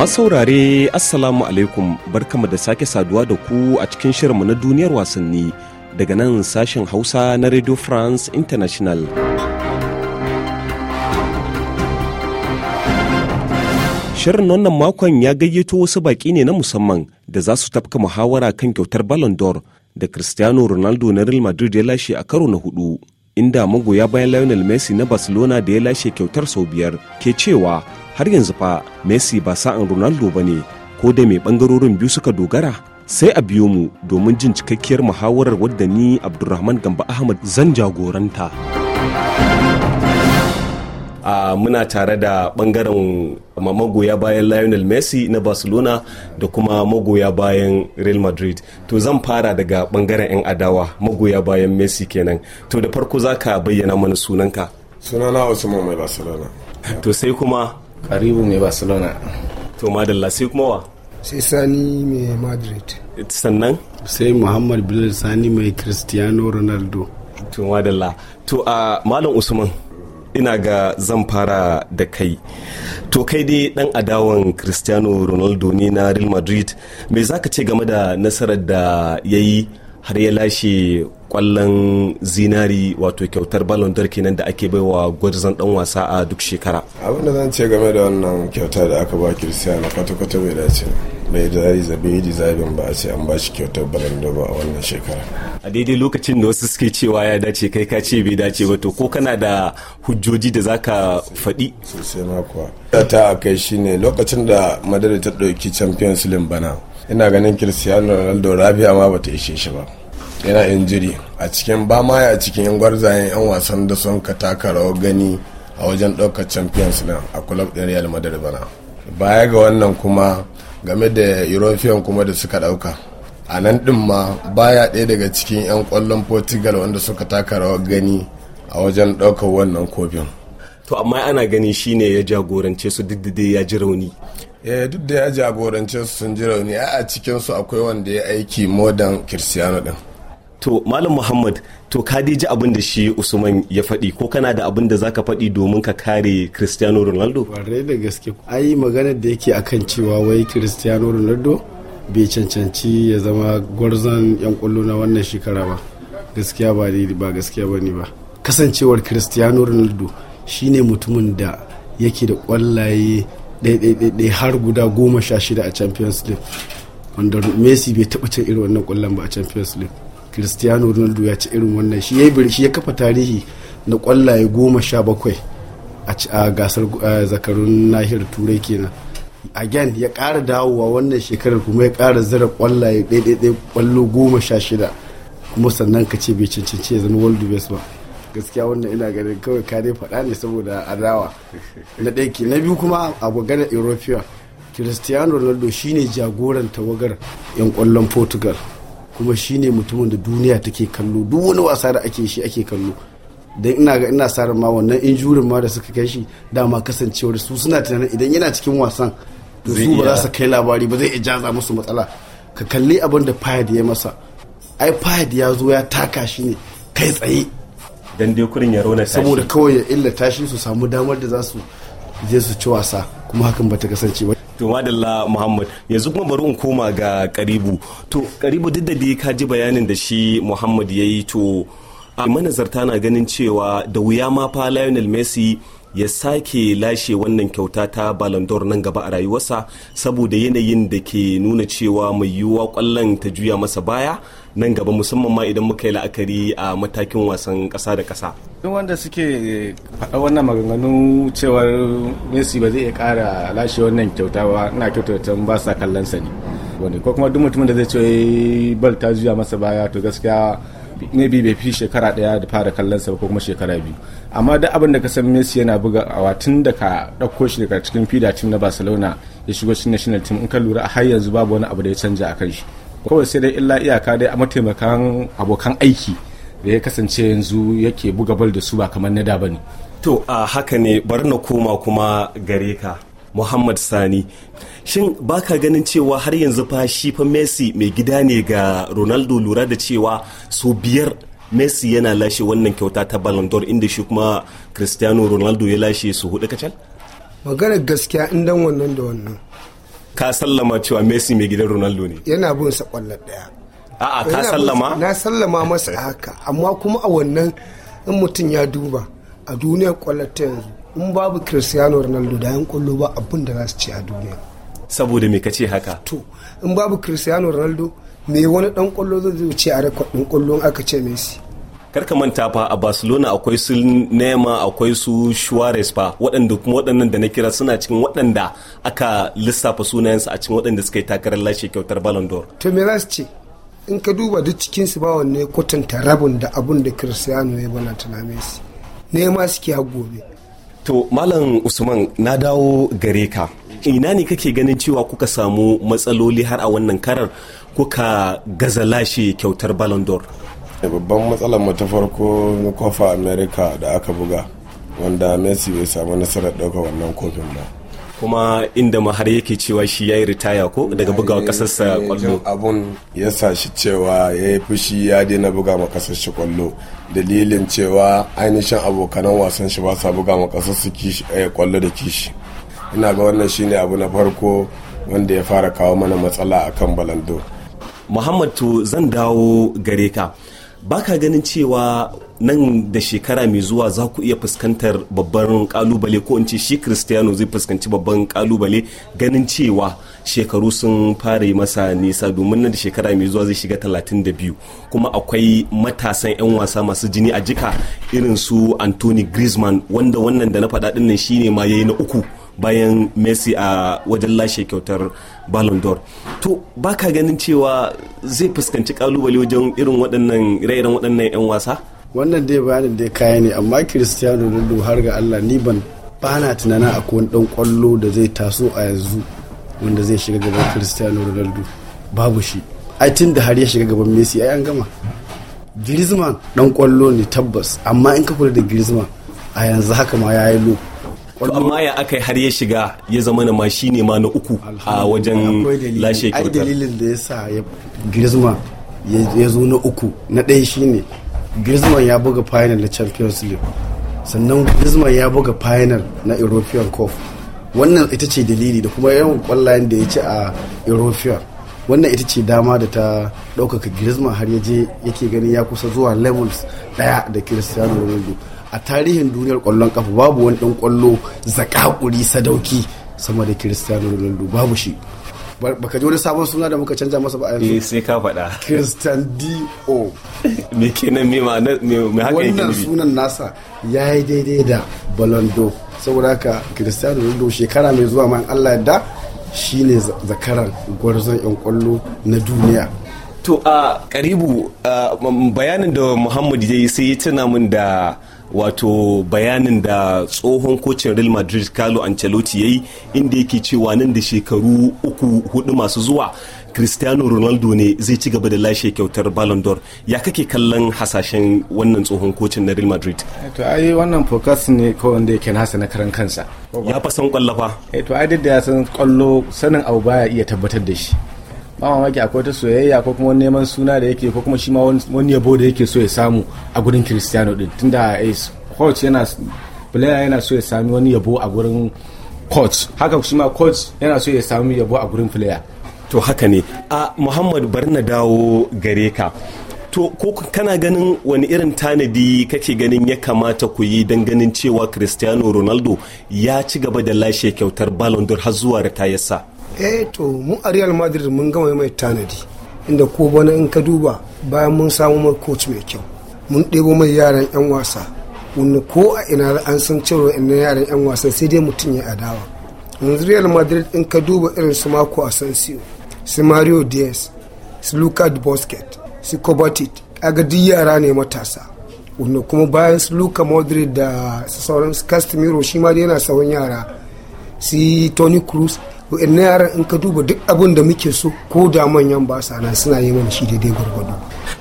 Masu saurare Assalamu alaikum barkama da sake saduwa da ku a cikin shirinmu na duniyar wasanni daga nan sashen Hausa na Radio France International. Shirin wannan makon ya gayyato wasu baƙi ne na musamman da za su tafka muhawara kan kyautar Ballon d'Or da Cristiano Ronaldo na Real Madrid ya lashe a karo na hudu. Inda magoya bayan Lionel Messi na Barcelona da ya lashe kyautar sau biyar ke cewa har yanzu fa messi ba sa'an ronaldo ba ne ko da mai bangarorin biyu suka dogara sai a biyo mu domin jin cikakkiyar muhawarar wadda ni abdulrahman gamba ahmad zan jagoranta a muna tare da bangaren magoya bayan lionel messi na barcelona da kuma magoya bayan real madrid to zan fara daga bangaren 'yan adawa magoya bayan messi kenan to da farko za ka bayyana mana sunanka sunana usman mai barcelona to sai kuma karibu mai barcelona to madalla sai kuma wa sai sani mai madrid sannan sai muhammad bilal sani mai cristiano ronaldo to madalla to a malam usman ina ga zan fara da kai to kai dai dan adawan cristiano ronaldo ne na real madrid me zaka ce game da nasarar da ya yi har ya lashe kwallon zinari wato kyautar ballon d'or kenan da ake baiwa gwarzon dan wasa a duk shekara abin da zan ce game da wannan kyauta da aka ba cristiano kwata-kwata bai dace bai zai zabe da ba a ce an ba shi kyautar ballon d'or ba a wannan shekara a daidai lokacin da wasu suke cewa ya dace kai ka ce bai dace ba to ko kana da hujjoji da zaka faɗi sosai ma kuwa ta a kai shine lokacin da madara ta ɗauki champions league bana ina ganin cristiano ronaldo rabia ma bata ishe shi ba yana jiri a cikin ba ma a cikin yan gwarzayen yan wasan da sun ka taka rawar gani a wajen ɗaukar champions na a club din real madrid bana baya ga wannan kuma game da european kuma da suka ɗauka a nan ɗin ma baya ɗaya daga cikin 'yan ƙwallon portugal wanda suka taka rawar gani a wajen ɗaukar wannan kofin to amma ana gani shine ya jagorance su duk da ya ji rauni eh duk da ya jagorance su sun ji rauni a cikin su akwai wanda ya aiki modern cristiano din to malam muhammad to ka ji abin da shi usman ya faɗi ko kana da abin da za ka faɗi domin ka kare cristiano ronaldo ƙwarai da gaske ai maganar da yake akan cewa wai cristiano ronaldo bai cancanci ya zama gwarzon yan kwallo na wannan shekara ba gaskiya ba ba gaskiya ba ne ba kasancewar cristiano ronaldo shine mutumin da yake da kwallaye ɗaiɗaiɗaiɗai har guda goma sha shida a champions league wanda messi bai taɓa cin irin wannan kwallon ba a champions league cristiano ronaldo ya ci irin wannan shi ya yi birki ya kafa tarihi na kwallaye goma sha bakwai a gasar eh, zakarun nahiyar turai kenan again ya kara dawowa wannan shekarar kuma ya kara zira kwallaye ɗaiɗaiɗai kwallo goma sha shida kuma sannan ka ce bai cancanci ya zama world best ba gaskiya wannan ina ganin kawai ka dai faɗa ne saboda adawa na ɗaya na biyu kuma a maganar european cristiano ronaldo shine jagoran tawagar 'yan kwallon portugal kuma shi ne mutumin da duniya take kallo duk wani wasa da ake shi ake kallo don ina ga ina sa ma wannan injurin ma da suka kai shi dama kasancewar su suna tunanin idan yana cikin wasan to su ba za su kai labari ba zai ijaza musu matsala ka kalli abin da fayad ya masa ai fayad ya zo ya taka shi ne kai tsaye dan dai kurin ya rona saboda kawai ya illata shi su samu damar da za su je su ci wasa kuma hakan bata kasance ba to madalla muhammad yanzu kuma bari in koma ga karibu to karibu duk da dai ka ji bayanin da shi muhammad ya yi to a manazarta na ganin cewa da wuya ma fa lionel messi ya sake lashe wannan kyauta ta Ballon d'Or nan gaba a rayuwarsa saboda yanayin da ke nuna cewa mai yiwuwa kwallon ta juya masa baya nan gaba musamman ma idan muka yi la'akari a matakin wasan kasa da kasa duk wanda suke faɗa wannan maganganu cewar messi ba zai iya kara lashe wannan kyauta ba ina ta ba sa kallon sa ne wani ko kuma duk mutumin da zai ce bal ta juya masa baya to gaskiya ne bi bai fi shekara daya da fara kallon sa ko kuma shekara biyu amma duk abin da ka san Messi yana buga awa tun da ka ɗauko shi daga cikin fida tim na Barcelona ya shigo cikin national team in ka lura har yanzu babu wani abu da ya canja a kan shi kawai sai dai illa iyaka dai a mataimakan abokan aiki da ya kasance yanzu yake buga bal da su ba kamar na da bane to a haka ne bari na koma kuma gare ka Muhammad Sani. Shin baka ganin cewa har yanzu fa shi fa Messi mai gida ne ga Ronaldo lura da cewa so biyar Messi yana lashe wannan kyauta ta Ballon d'Or inda shi kuma Cristiano Ronaldo ya lashe su hudu kacal? magana gaskiya in dan wannan da wannan. ka sallama cewa messi mai gidan ronaldo ne yana bin sa kwallon daya a'a ka sallama na sallama masa haka amma kuma a wannan in mutum ya duba a duniyar kwallon ta yanzu in babu cristiano ronaldo da yan kwallo ba abin da za su ci a duniya saboda me kace haka to in babu cristiano ronaldo me wani dan kwallo zai ce a rekod din kwallon aka ce messi karka manta fa a barcelona akwai su nema akwai su suarez fa waɗanda kuma waɗannan da na kira suna cikin waɗanda aka lissafa sunayensu a cikin waɗanda suka yi takarar lashe kyautar ballon d'or to me ce in ka duba duk cikin su ba wanne kwatanta rabin da abun da cristiano ya bana tana messi nema suke har gobe to malam usman na dawo gare ka ina ne kake ganin cewa kuka samu matsaloli har a wannan karar kuka gaza lashe kyautar ballon d'or Eh, babban matsalar mu ta farko na kofa america da aka buga wanda messi bai samu nasarar ɗaukar wannan kofin ba kuma inda ma har yake cewa shi ya yi ritaya ko daga bugawa kasarsa kwallo eh, abun ya sa shi cewa ya yi fushi ya daina buga ma kasar kwallo dalilin cewa ainihin abokanan wasan shi ba sa buga ma kasar su kwallo eh, da kishi ina ga wannan shine abu na farko wanda ya fara kawo mana matsala akan balando muhammad zan dawo gare ka baka ganin cewa nan da shekara mai zuwa za ku iya fuskantar babban kalubale ko in ce shi kristiyano zai fuskanci babban kalubale ganin cewa shekaru sun fara yi masa nisa domin nan da shekara mai zuwa zai shiga 32 kuma akwai matasan 'yan wasa masu jini a jika irin su anthony griezmann wanda wannan da na faɗa ɗin nan shine ma yayi na uku bayan messi a wajen lashe kyautar ballon d'or to baka ganin cewa zai fuskanci kalubale wajen irin waɗannan rairan waɗannan 'yan wasa wannan dai bayanin dai kaya ne amma cristiano ronaldo har ga allah ni ban bana tunanin akwai wani dan kwallo da zai taso a yanzu wanda zai shiga gaban cristiano ronaldo babu shi ai tun da har ya shiga gaban messi ai an gama Griezmann dan kwallo ne tabbas amma in ka kula da Griezmann a yanzu haka ma ya yi lo amma ya aka har ya shiga ya zama na mashi ne ma na uku a wajen lashe kyautar dalilin da ya sa ya Griezmann ya zo na uku na ɗaya ne Griezmann ya buga final na Champions League sannan Griezmann ya buga final na European Cup wannan ita ce dalili da kuma yawan kwallayen da ya ci a European wannan ita ce dama da ta ɗaukaka Griezmann har ya je yake ganin ya kusa zuwa levels ɗaya da Cristiano Ronaldo a tarihin duniyar kwallon kafa babu wani ɗan kwallo zakakuri sadauki sama da cristiano ronaldo babu shi baka ji wani sabon suna da muka canja masa ba a yanzu eh, sai ka faɗa christian dio me kenan me ma me haka yake wannan sunan nasa yayi daidai da balondo saboda haka cristiano ronaldo shekara mai zuwa ma Allah yadda shine zakaran gwarzon yan kwallo na duniya to a karibu bayanin da muhammad ya yi sai ya tuna min da wato bayanin da tsohon kocin real madrid carlo ancelotti ya yi inda yake cewa nan da shekaru uku hudu masu zuwa cristiano ronaldo ne zai ci gaba da lashe kyautar ballon d'or ya kake kallon hasashen wannan tsohon kocin na real madrid to ai wannan focus ne ko wanda yake nasa na karan kansa ya fa san kwallafa eh, to ai da ya san kwallo sanin abu baya iya tabbatar da shi ba mamaki akwai ta soyayya ko kuma neman suna da yake ko kuma shi ma wani yabo da yake so ya samu a gurin cristiano din tunda coach yana player yana so ya sami wani yabo a gurin coach haka shi ma coach yana so ya sami yabo a gurin player to haka ne a muhammad bar na dawo gare ka to ko kana ganin wani irin tanadi kake ganin ya kamata ku yi don ganin cewa cristiano ronaldo ya ci gaba da lashe kyautar ballon d'or har zuwa ritayarsa eh to mu a real madrid mun gama mai tanadi inda ko bana in ka duba bayan mun samu mai coach mai kyau mun ɗebo mai yaran 'yan wasa wani ko a ina an san cewa ina yaran 'yan wasa sai dai mutum ya adawa yanzu real madrid in ka duba irin su marco asensio su mario diaz su luka bosket su kobatit aga duk yara ne matasa wani kuma bayan su luka madrid da sauran su casemiro shi ma yana sauran yara su tony cruz wa'annan yaran in ka duba duk abin da muke so ko da manyan ba sa nan suna yi mana shi daidai gwargwado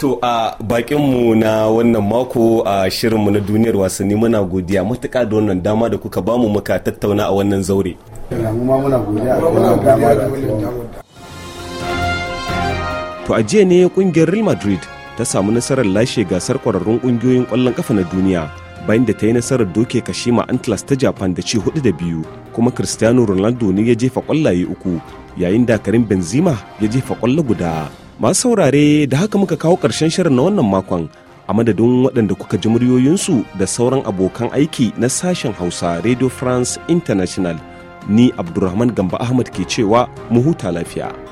to a mu na wannan mako a shirin mu na duniyar wasanni muna godiya matuƙa da wannan dama da kuka bamu muka tattauna a wannan zaure to a jiya ne kungiyar real madrid ta samu nasarar lashe gasar kwararrun kungiyoyin kwallon kafa na duniya bayan da ta yi nasarar doke kashima antlas ta japan da ci hudu da biyu kuma cristiano ronaldo ne ya jefa kwallaye uku yayin da karim benzema ya jefa kwallo guda masu saurare da haka muka kawo karshen shirin na wannan makon a madadin waɗanda kuka ji muryoyinsu da sauran abokan aiki na sashen hausa radio france international ni abdulrahman gamba ahmad ke cewa mu huta lafiya